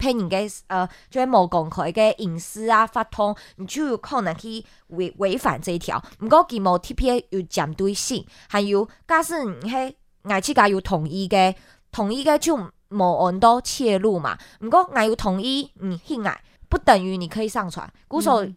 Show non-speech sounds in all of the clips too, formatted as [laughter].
騙人家呃，就係冇公開嘅隱私啊，發通，你就有可能去違違反這一條。唔過佢冇 T P A 有針對性，還有假使你係外資家有同意嘅，同意嘅就冇按到切入嘛。唔過我有同意，唔聽我，嗯、不等於你可以上傳，鼓手、嗯。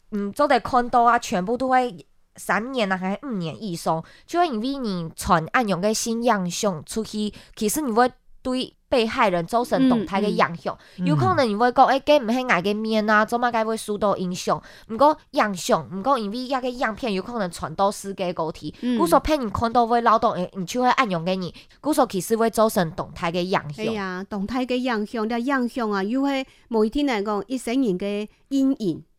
嗯，做滴看到啊，全部都會三年啊，還是五年以上，就會因為你傳暗用的性影像出去，其實你會對被害人造成動態的影響。嗯、有可能你會講，哎、嗯，介唔係挨嘅面啊，做麼介會受到影響？唔過影響，唔過因為呀個樣片有可能傳到世界各地。古、嗯、說拍你看到會勞動，哎、欸，你就會暗用嘅你。古說其實會造成動態的影響。哎呀，動態的影像，啲影像啊，有係每天來講一生人的陰影。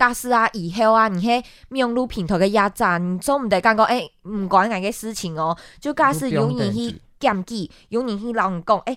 假使啊，以後啊，你去面對平台嘅壓榨，你總唔得講個，誒、欸，唔管挨嘅事情哦、喔，就假使有人去禁忌，有人去亂講，誒。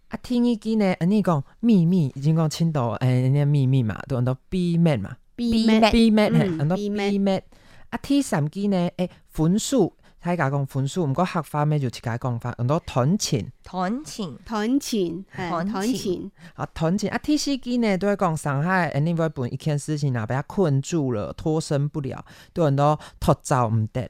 阿天機呢？安尼講秘密，已經講青島，誒，安尼秘密嘛，都很多 B 面嘛，B 面 B 面係，很多 B 面。啊 T 三機呢？誒，分手甲假講分手，毋過合法咩就甲伊講法，很多斷情，斷情，斷情，斷斷情。啊斷情。啊 T 四機呢？都係講傷害，你會本一件事情，被他困住了，脱身不了，都很多脫爪毋得。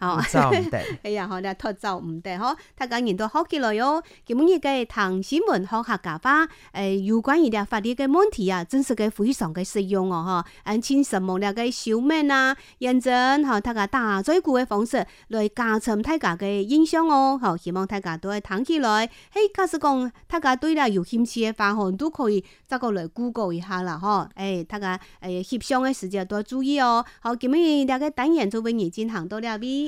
哦， [laughs] [laughs] 哎呀，嗬、哦，你脫爪毋得嗬、哦，大家也都好起來哦，今日嘅聽新聞、學客家話，誒、哎，有關於呢個法律嘅問題啊，真實嘅非常嘅實用哦，嚇，誒，千神望咧嘅小咩啊，認真、啊，嗬、哦，大家打招呼嘅方式來加深大家嘅印象哦，嚇、哦，希望大家都會睇起來。嘿，假使講，大家對咧有興趣嘅話，都可以一個來 Google 一下啦，嚇、哦，誒、哎，大家誒，協商嘅時間要多注意哦，好、哦，今日嘅單元就為你進行到嚟。